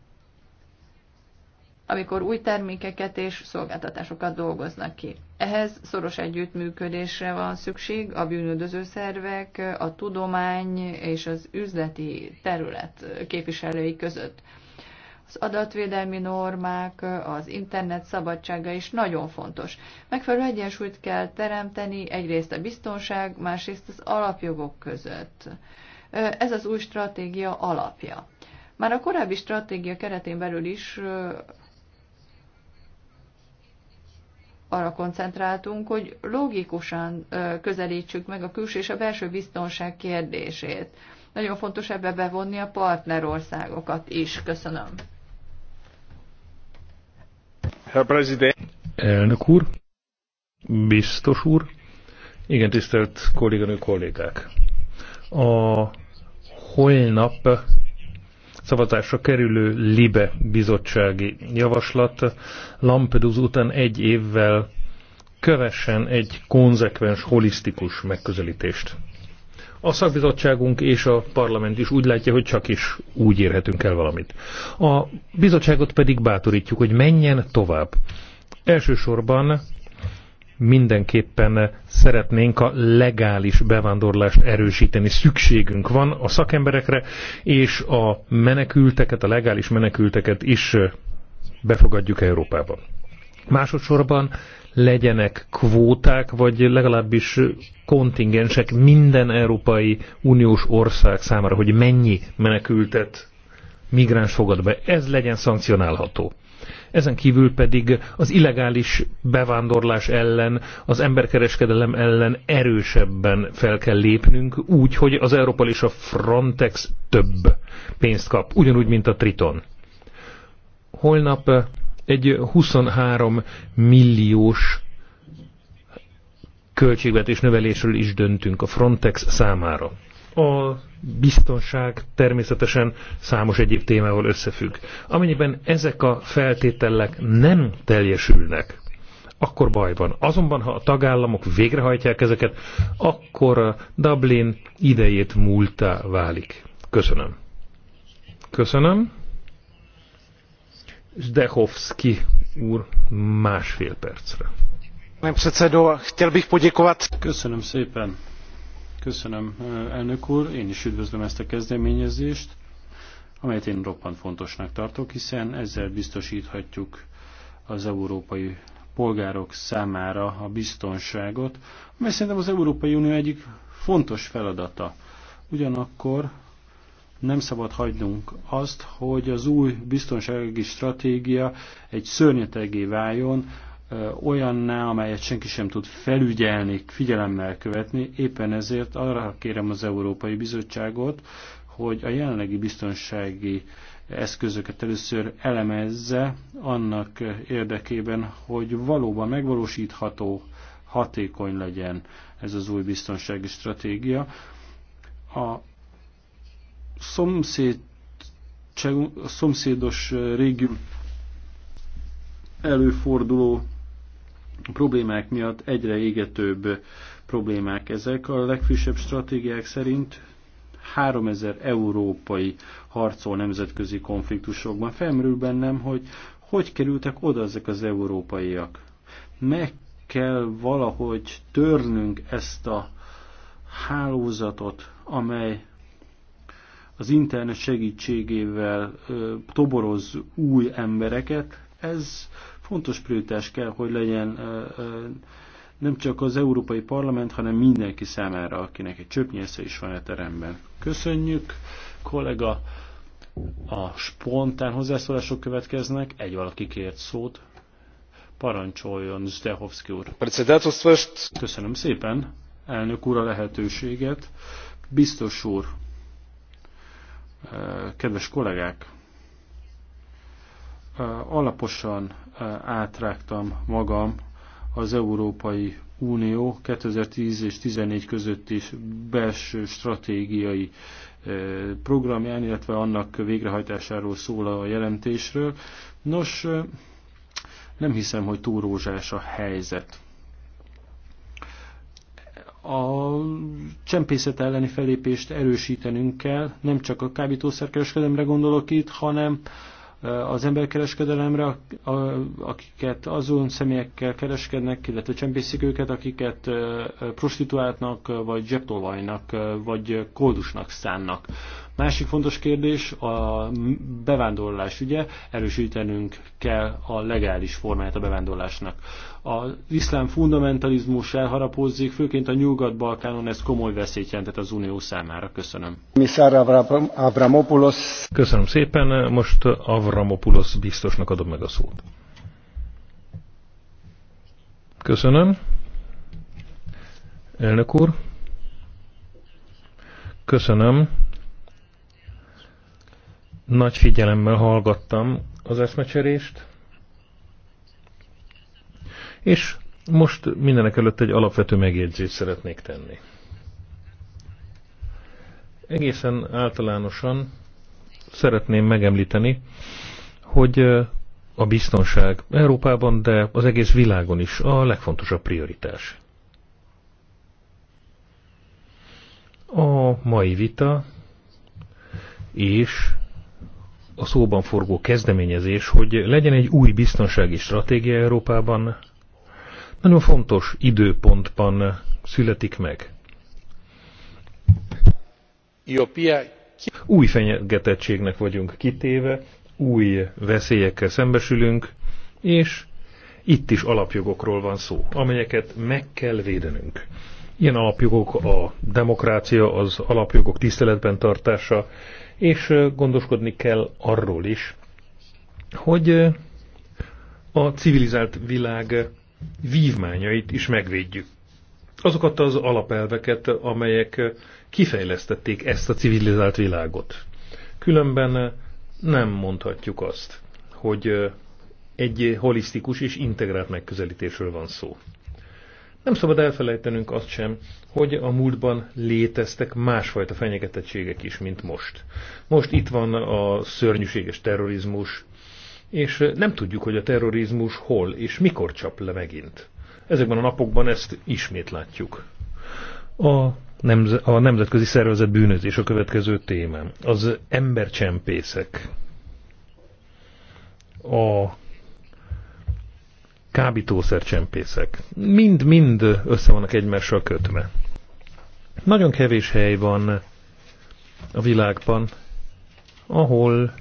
amikor új termékeket és szolgáltatásokat dolgoznak ki. Ehhez szoros együttműködésre van szükség a bűnöldöző szervek, a tudomány és az üzleti terület képviselői között. Az adatvédelmi normák, az internet szabadsága is nagyon fontos. Megfelelő egyensúlyt kell teremteni egyrészt a biztonság, másrészt az alapjogok között. Ez az új stratégia alapja. Már a korábbi stratégia keretén belül is arra koncentráltunk, hogy logikusan közelítsük meg a külső és a belső biztonság kérdését. Nagyon fontos ebbe bevonni a partnerországokat is. Köszönöm. Herr Präsident. Elnök úr, biztos úr, igen tisztelt kolléganő kollégák. A holnap szavazásra kerülő Libe bizottsági javaslat Lampedusa után egy évvel kövessen egy konzekvens, holisztikus megközelítést. A szakbizottságunk és a parlament is úgy látja, hogy csak is úgy érhetünk el valamit. A bizottságot pedig bátorítjuk, hogy menjen tovább. Elsősorban mindenképpen szeretnénk a legális bevándorlást erősíteni. Szükségünk van a szakemberekre, és a menekülteket, a legális menekülteket is befogadjuk Európában. Másodszorban legyenek kvóták, vagy legalábbis kontingensek minden Európai Uniós ország számára, hogy mennyi menekültet migráns fogad be. Ez legyen szankcionálható. Ezen kívül pedig az illegális bevándorlás ellen, az emberkereskedelem ellen erősebben fel kell lépnünk, úgy, hogy az Európa és a Frontex több pénzt kap, ugyanúgy, mint a Triton. Holnap egy 23 milliós költségvetés növelésről is döntünk a Frontex számára. A biztonság természetesen számos egyéb témával összefügg. Amennyiben ezek a feltételek nem teljesülnek, akkor baj van. Azonban, ha a tagállamok végrehajtják ezeket, akkor a Dublin idejét múltá válik. Köszönöm. Köszönöm. Zdehovski úr másfél percre. Köszönöm szépen. Köszönöm, elnök úr. Én is üdvözlöm ezt a kezdeményezést, amelyet én roppant fontosnak tartok, hiszen ezzel biztosíthatjuk az európai polgárok számára a biztonságot, amely szerintem az Európai Unió egyik fontos feladata. Ugyanakkor nem szabad hagynunk azt, hogy az új biztonsági stratégia egy szörnyetegé váljon, olyanná, amelyet senki sem tud felügyelni, figyelemmel követni. Éppen ezért arra kérem az Európai Bizottságot, hogy a jelenlegi biztonsági eszközöket először elemezze annak érdekében, hogy valóban megvalósítható, hatékony legyen ez az új biztonsági stratégia. A szomszéd a szomszédos régió előforduló problémák miatt egyre égetőbb problémák ezek. A legfrissebb stratégiák szerint 3000 európai harcol nemzetközi konfliktusokban. Felmerül bennem, hogy hogy kerültek oda ezek az európaiak. Meg kell valahogy törnünk ezt a hálózatot, amely az internet segítségével ö, toboroz új embereket. Ez Fontos prioritás kell, hogy legyen nem csak az Európai Parlament, hanem mindenki számára, akinek egy csöpnyésze is van a teremben. Köszönjük, kollega! A spontán hozzászólások következnek, egy valaki kért szót. Parancsoljon Zdehovszki úr. Köszönöm szépen, elnök úr a lehetőséget. Biztos úr, kedves kollégák, alaposan átrágtam magam az Európai Unió 2010 és 2014 között is belső stratégiai programján, illetve annak végrehajtásáról szól a jelentésről. Nos, nem hiszem, hogy túl rózsás a helyzet. A csempészet elleni felépést erősítenünk kell, nem csak a kábítószerkereskedemre gondolok itt, hanem az emberkereskedelemre, akiket azon személyekkel kereskednek, illetve csempészik őket, akiket prostituáltnak, vagy zseptolvajnak, vagy koldusnak szánnak. Másik fontos kérdés a bevándorlás ügye, erősítenünk kell a legális formáját a bevándorlásnak. Az iszlám fundamentalizmus elharapózzik, főként a Nyugat-Balkánon ez komoly veszélyt jelentett az Unió számára. Köszönöm. Misár Avramopoulos. Köszönöm szépen, most Avramopoulos biztosnak adom meg a szót. Köszönöm. Elnök úr. Köszönöm nagy figyelemmel hallgattam az eszmecserést, és most mindenek előtt egy alapvető megjegyzést szeretnék tenni. Egészen általánosan szeretném megemlíteni, hogy a biztonság Európában, de az egész világon is a legfontosabb prioritás. A mai vita és a szóban forgó kezdeményezés, hogy legyen egy új biztonsági stratégia Európában, nagyon fontos időpontban születik meg. Új fenyegetettségnek vagyunk kitéve, új veszélyekkel szembesülünk, és itt is alapjogokról van szó, amelyeket meg kell védenünk. Ilyen alapjogok a demokrácia, az alapjogok tiszteletben tartása, és gondoskodni kell arról is, hogy a civilizált világ vívmányait is megvédjük. Azokat az alapelveket, amelyek kifejlesztették ezt a civilizált világot. Különben nem mondhatjuk azt, hogy egy holisztikus és integrált megközelítésről van szó. Nem szabad elfelejtenünk azt sem, hogy a múltban léteztek másfajta fenyegetettségek is, mint most. Most itt van a szörnyűséges terrorizmus, és nem tudjuk, hogy a terrorizmus hol és mikor csap le megint. Ezekben a napokban ezt ismét látjuk. A, nemz- a nemzetközi szervezet bűnözés a következő témám. Az embercsempészek, a kábítószercsempészek. Mind-mind össze vannak egymással kötve. Nagyon kevés hely van a világban, ahol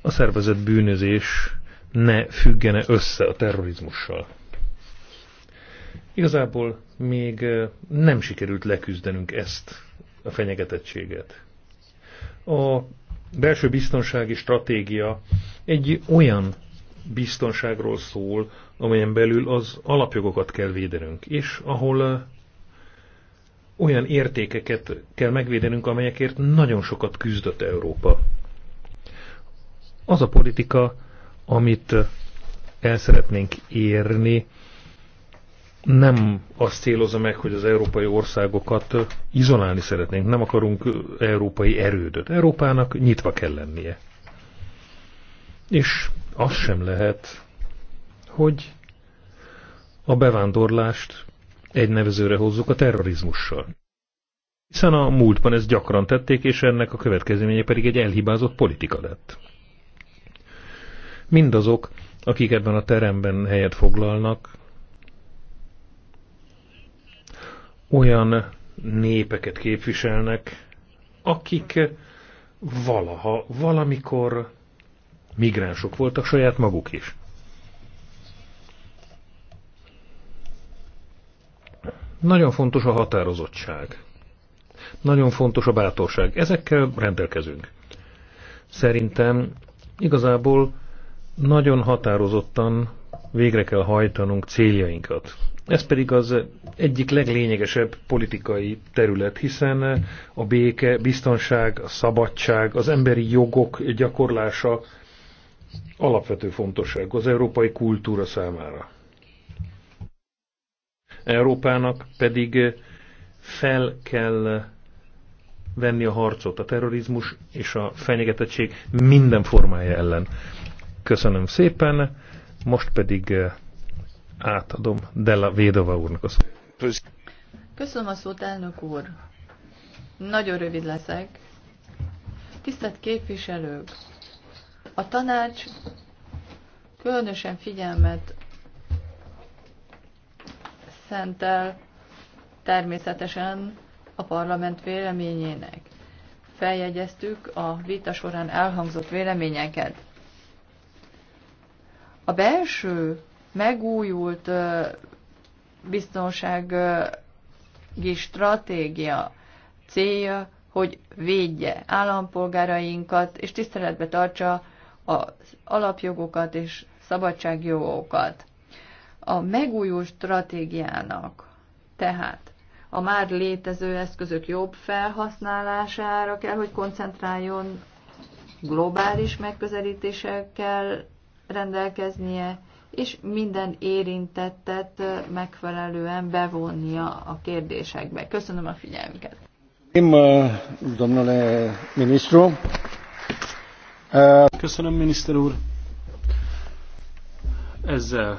a szervezett bűnözés ne függene össze a terrorizmussal. Igazából még nem sikerült leküzdenünk ezt a fenyegetettséget. A belső biztonsági stratégia egy olyan biztonságról szól, amelyen belül az alapjogokat kell védenünk, és ahol olyan értékeket kell megvédenünk, amelyekért nagyon sokat küzdött Európa. Az a politika, amit el szeretnénk érni, nem azt célozza meg, hogy az európai országokat izolálni szeretnénk, nem akarunk európai erődöt. Európának nyitva kell lennie. És az sem lehet, hogy a bevándorlást egy nevezőre hozzuk a terrorizmussal. Hiszen a múltban ezt gyakran tették, és ennek a következménye pedig egy elhibázott politika lett. Mindazok, akik ebben a teremben helyet foglalnak, olyan népeket képviselnek, akik valaha, valamikor migránsok voltak saját maguk is. Nagyon fontos a határozottság. Nagyon fontos a bátorság. Ezekkel rendelkezünk. Szerintem igazából nagyon határozottan végre kell hajtanunk céljainkat. Ez pedig az egyik leglényegesebb politikai terület, hiszen a béke, biztonság, a szabadság, az emberi jogok gyakorlása alapvető fontosság az európai kultúra számára. Európának pedig fel kell venni a harcot a terrorizmus és a fenyegetettség minden formája ellen. Köszönöm szépen, most pedig eh, átadom Della Védova úrnak a szót. Köszönöm a szót, elnök úr. Nagyon rövid leszek. Tisztelt képviselők, a tanács különösen figyelmet szentel természetesen a parlament véleményének. Feljegyeztük a vita során elhangzott véleményeket. A belső, megújult biztonsági stratégia célja, hogy védje állampolgárainkat és tiszteletbe tartsa az alapjogokat és szabadságjogokat. A megújult stratégiának tehát a már létező eszközök jobb felhasználására kell, hogy koncentráljon, globális megközelítésekkel rendelkeznie, és minden érintettet megfelelően bevonnia a kérdésekbe. Köszönöm a figyelmüket. Köszönöm, eh, domnule ministru. Köszönöm, miniszter úr. Ezzel